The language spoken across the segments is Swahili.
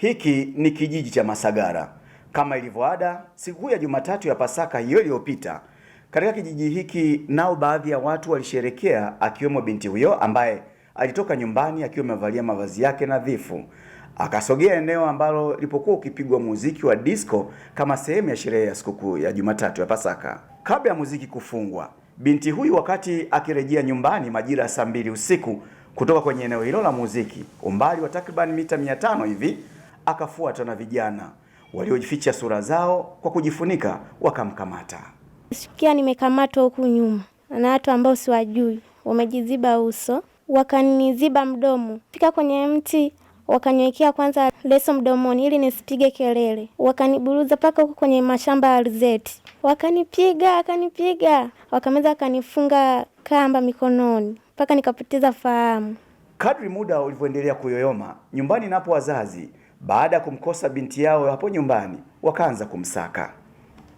Hiki ni kijiji cha Masagara. Kama ilivyoada sikukuu siku ya Jumatatu ya Pasaka hiyo iliyopita, katika kijiji hiki nao baadhi ya watu walisherekea, akiwemo binti huyo ambaye alitoka nyumbani akiwa amevalia mavazi yake nadhifu, akasogea eneo ambalo lipokuwa ukipigwa muziki wa disco kama sehemu ya sherehe ya sikukuu ya Jumatatu ya Pasaka. Kabla ya muziki kufungwa, binti huyu wakati akirejea nyumbani majira ya saa mbili usiku kutoka kwenye eneo hilo la muziki, umbali wa takriban mita 500 hivi akafuata na vijana waliojificha sura zao kwa kujifunika, wakamkamata. Sikia, nimekamatwa huku nyuma na watu ambao siwajui, wamejiziba uso, wakaniziba mdomo. Fika kwenye mti wakaniwekea kwanza leso mdomoni ili nisipige kelele, wakaniburuza mpaka huko kwenye mashamba ya alizeti, wakanipiga wakanipiga, wakameza wakanifunga kamba mikononi mpaka nikapoteza fahamu. Kadri muda ulivyoendelea kuyoyoma, nyumbani napo wazazi baada ya kumkosa binti yao hapo nyumbani, wakaanza kumsaka.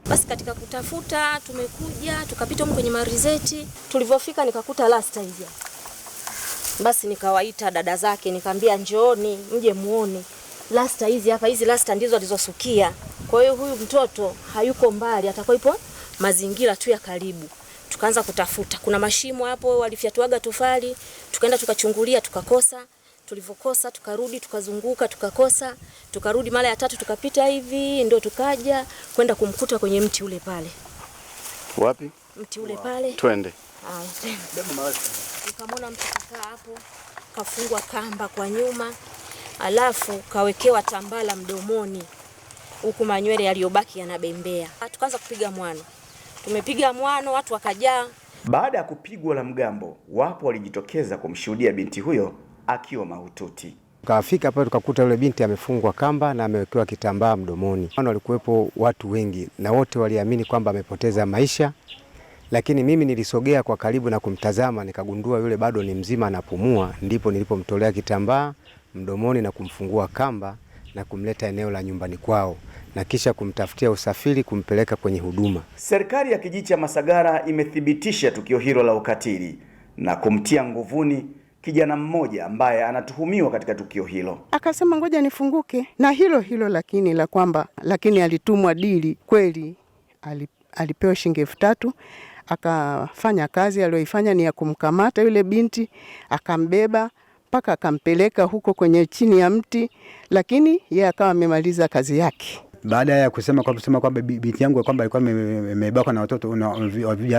Basi katika kutafuta tumekuja tukapita huko kwenye marizeti, tulivyofika nikakuta lasta hivi. Basi nikawaita dada zake nikamwambia, njooni mje muone lasta hizi hapa, hizi lasta ndizo alizosukia. Kwa hiyo huyu mtoto hayuko mbali, atakuwa ipo mazingira tu ya karibu. Tukaanza kutafuta, kuna mashimo hapo walifyatuaga tofali, tukaenda tukachungulia, tukakosa tulivyokosa, tukarudi tukazunguka, tukakosa, tukarudi mara ya tatu, tukapita hivi, ndio tukaja kwenda kumkuta kwenye mti ule pale. Wapi? Mti ule pale. Twende. Ah, Ukamwona mtu kakaa hapo, kafungwa kamba kwa nyuma, alafu kawekewa tambala mdomoni, huku manywele yaliyobaki yanabembea. Ah, tukaanza kupiga mwano, tumepiga mwano, watu wakajaa. Baada ya kupigwa la mgambo, wapo walijitokeza kumshuhudia binti huyo akiwa mahututi. Tukafika pale tukakuta yule binti amefungwa kamba na amewekewa kitambaa mdomoni. Walikuwepo watu wengi na wote waliamini kwamba amepoteza maisha, lakini mimi nilisogea kwa karibu na kumtazama, nikagundua yule bado ni mzima anapumua. Ndipo nilipomtolea kitambaa mdomoni na kumfungua kamba na kumleta eneo la nyumbani kwao na kisha kumtafutia usafiri kumpeleka kwenye huduma. Serikali ya kijiji cha Masagara imethibitisha tukio hilo la ukatili na kumtia nguvuni kijana mmoja ambaye anatuhumiwa katika tukio hilo. Akasema ngoja nifunguke na hilo hilo, lakini la kwamba lakini alitumwa dili kweli, alipewa shilingi elfu tatu akafanya kazi aliyoifanya ni ya kumkamata yule binti, akambeba mpaka akampeleka huko kwenye chini ya mti, lakini yeye akawa amemaliza kazi yake. Baada ya kusema kusema kwamba binti yangu kwamba alikuwa amebakwa na watoto na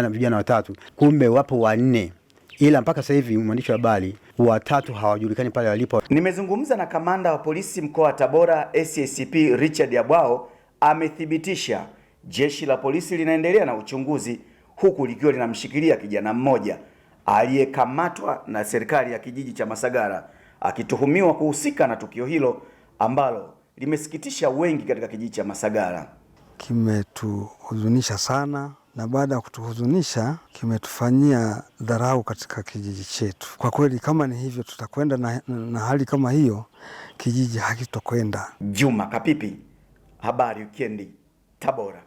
vijana watatu, kumbe wapo wanne ila mpaka sasa hivi mwandishi wa habari watatu hawajulikani pale walipo. Nimezungumza na kamanda wa polisi mkoa wa Tabora SACP Richard Yabwao, amethibitisha jeshi la polisi linaendelea na uchunguzi huku likiwa linamshikilia kijana mmoja aliyekamatwa na serikali ya kijiji cha Masagara akituhumiwa kuhusika na tukio hilo ambalo limesikitisha wengi katika kijiji cha Masagara. Kimetuhuzunisha sana na baada ya kutuhuzunisha kimetufanyia dharau katika kijiji chetu. Kwa kweli, kama ni hivyo, tutakwenda na, na hali kama hiyo, kijiji hakitokwenda. Juma Kapipi, habari wikendi, Tabora.